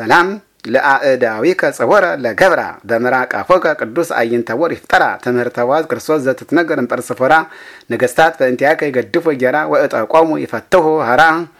ሰላም ለአእዳዊ ጽወረ ለገብራ በምራቅ አፎከ ቅዱስ አይንተወር ይፍጠራ ትምህርተ ዋዝ ክርስቶስ ዘትትነገር እምጵርስፎራ ነገስታት በእንቲያከ ይገድፎ ጌራ ወእጠቆሙ ይፈትሁ ሀራ